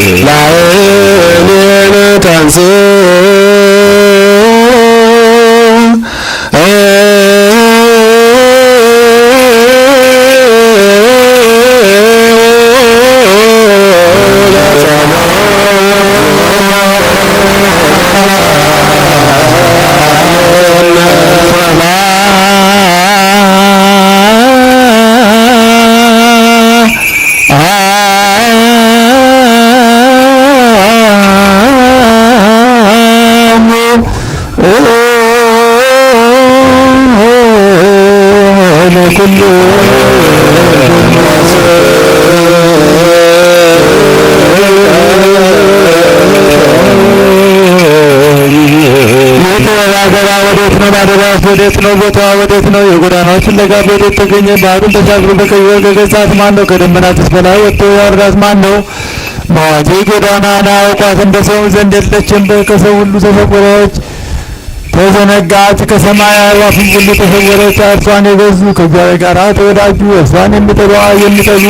La ለኩሉ ባደራ ወዴት ነው? ባደራ ወዴት ነው? ቦታዋ ወዴት ነው? የጎዳናዎች ፍለጋ በወዴት ተገኘ? ባህሩን ተሻግሮ በቀይ ገዛት ገገዛት ማን ነው? ከደመናትስ በላይ ወጥቶ ያወራት ማን ነው? መዋቴ ጎዳና ናውቋት እንደ ሰው ዘንድ የለችም። ከሰው ሁሉ ተሰቆረች። ተዘነጋች ከሰማይ አእዋፍ ሁሉ ተሰወረች። እርሷን የገዙ ከእግዚአብሔር ጋር ተወዳጁ እርሷን የሚጠሏ የሚጠሉ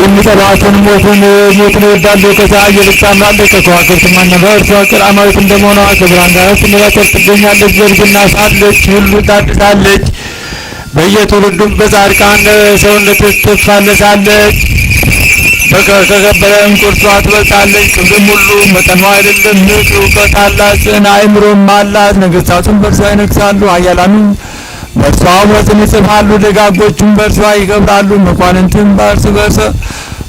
የሚጠሏትን ሞትን ሞትን ይወዳሉ። ከፀሐይ የልቅ አምራለች ከከዋክብትም ማነፈር እርሷ ቅር እንደመሆኗ ከብርሃን ጋር ስትመራጠር ትገኛለች። ዘርግና ሳለች ሁሉ ታድሳለች። በየትውልዱም በጻድቃን ሰውነት ትፋለሳለች። ከከበረም ቁርሷ ትበልጣለች። ክብርም ሁሉ መጠኗ አይደለም። ምጥ እውቀት አላት፣ ጽን አእምሮም አላት። በእርሷ ይነግሳሉ፣ ኃያላኑም በእርሷ ሞትን ይጽፋሉ፣ ደጋጎቹን በእርሷ ይገብራሉ። መኳንንትም በእርስ በርሰ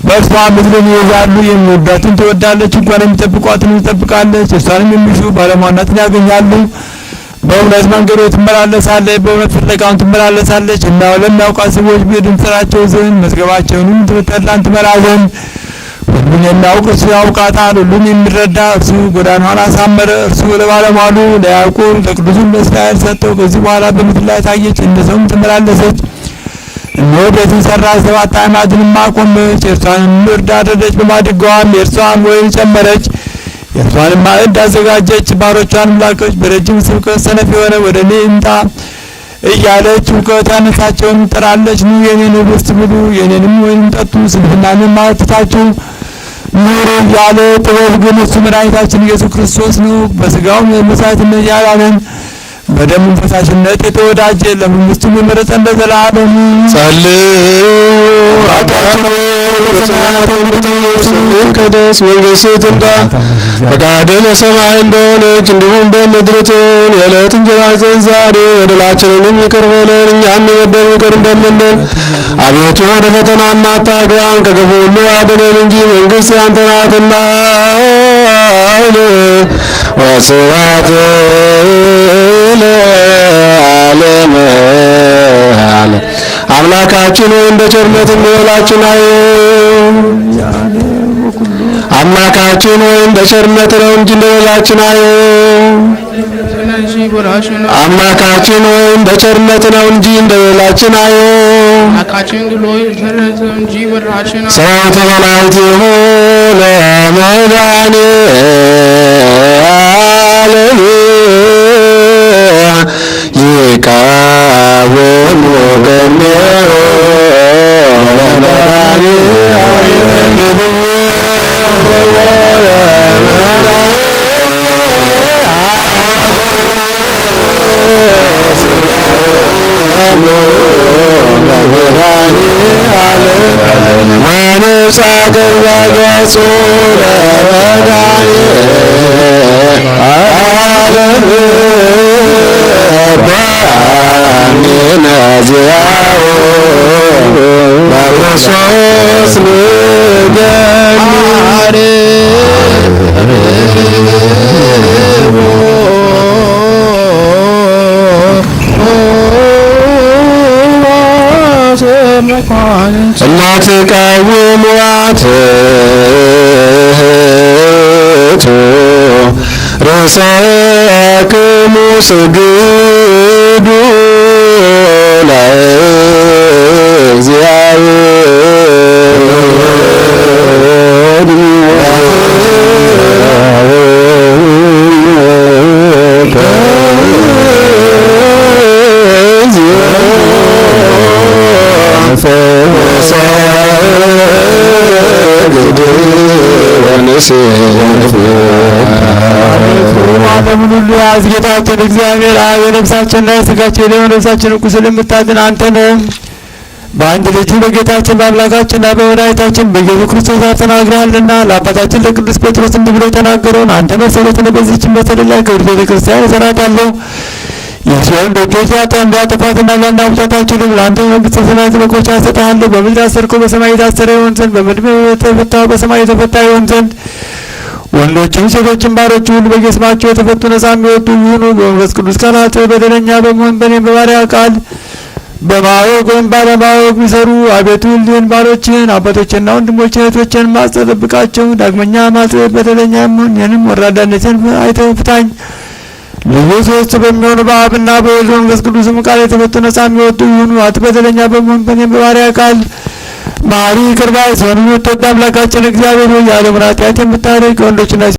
በእርሷ ምድርን ይይዛሉ። የሚወዳትን ትወዳለች፣ ሕጓንም የሚጠብቋትን ትጠብቃለች። እርሷንም የሚሹ ባለሟልነትን ያገኛሉ። በእውነት መንገዶ ትመላለሳለች፣ በእውነት ፍለጋውን ትመላለሳለች እና ለሚያውቋት ሰዎች ድምፅራቸው ዘንድ መዝገባቸውንም ትበተላን ትመራ ዘንድ ሁሉን የሚያውቅ እርሱ ያውቃታል። ሁሉን የሚረዳ እርሱ ጎዳናዋን አሳመረ። እርሱ ለባለሟሉ ለያዕቆብ ለቅዱሱም ለእስራኤል ሰጠው። ከዚህ በኋላ በምድር ላይ ታየች፣ እንደ ሰውም ተመላለሰች። እነሆ ቤትን ሰራ፣ ሰባት አዕማድንም አቆመች። የእርሷንም እርድ አደረች፣ በማድጋዋም የእርሷን ወይን ጨመረች። የእርሷንም ማዕድ አዘጋጀች። ባሮቿን ላከች። በረጅም ስብከት ሰነፍ የሆነ ወደ እኔ ይምጣ እያለች እውቀት ያነሳቸውን ጥራለች። ኑ የኔ ህብስት ብሉ፣ የኔንም ወይም ጠጡ፣ ስንፍናንም አትታችሁ ኑሩ እያለ ጥበብ ግን እሱ መድኃኒታችን ኢየሱስ ክርስቶስ ነው። በስጋውም መሥዋዕትነት ያዳነን በደም ፈሳሽነት የተወዳጀ ለመንግስቱም የመረጠን ለዘላለሙ ጸልዩ ከደስ መንግስት እንዳ ፈቃድ በሰማይ እንደሆነች እንዲሁም በምድርትን የዕለት እንጀራችንን ዛሬ በደላችንንም ይቅር በለን እኛም የበደሉንን ይቅር እንደምንል። አቤቱ ወደ ፈተና አታግባን ከክፉ ሁሉ አድነን እንጂ መንግስት ያንተ ናትና ወስብሐት ለዓለመ አምላካችን ወይም በቸርነት የሚወላችን አይ አምላካችን ወይም በቸርነት ነው እንጂ አየው አምላካችን ወይም በቸርነት ነው እንጂ እንደሌላችን አየ ሰው ተበላይቴሁ ለመድኃኔ ሳገር በገጹ ለመድኃኒት ዓለም ባሚነ ዚያው በክርስቶስ አትቀውሟት ርእሰክሙ ስግዱ አንፈሰ ዓለምን ሁሉ ያዝ ጌታችን እግዚአብሔር አብ የነፍሳችን ላይ ስጋችን ነፍሳችን ቁስል የምታድን አንተ ነህ። በአንድ ልጁ በጌታችን በአምላካችንና በወዳጅታችን በኢየሱስ ክርስቶስ ተናግረሃልና ለአባታችን ለቅዱስ ጴጥሮስ እንዲህ ብሎ ተናገረውን አንተ መሰረትን በዚህችን በተደላ ክብር ቤተ እሰራታለሁ ሲሆን በእጆች ያጠን ጥፋትና ጋንዳ መውጣት አይችሉም። ለአንተ መንግስተ ሰማያት በጎች አሰጥሃለሁ። በምድር አሰርኩ በሰማይ የታሰረ ይሆን ዘንድ በምድር የተፈታ በሰማይ የተፈታ ይሆን ዘንድ ወንዶችም ሴቶችም ባሮች ሁሉ በየስማቸው የተፈቱ ነጻ የሚወጡ ይሁኑ። በመንፈስ ቅዱስ ቃላት በደለኛ በመሆን በኔም በባሪያ ቃል በማወቅ ወይም ባለማወቅ ቢሰሩ አቤቱ ልን ባሮችን አባቶችና ወንድሞች እህቶችን ማጸጠብቃቸው ዳግመኛ ማጽ በደለኛ ሆን ይህንም ወራዳነትን አይተው ፍታኝ። ልዩ ሶስት በሚሆኑ በአብና በወልድ በመንፈስ ቅዱስም ቃል የተፈቱ ነጻ የሚወጡ ይሁኑ። አት በደለኛ በመሆን በኔም በባሪያ ቃል ማሪ ቅርባ የሰሆኑ የሚወደድ አምላካችን እግዚአብሔር ሆይ የዓለምን ኃጢአት የምታደርግ ወንዶችና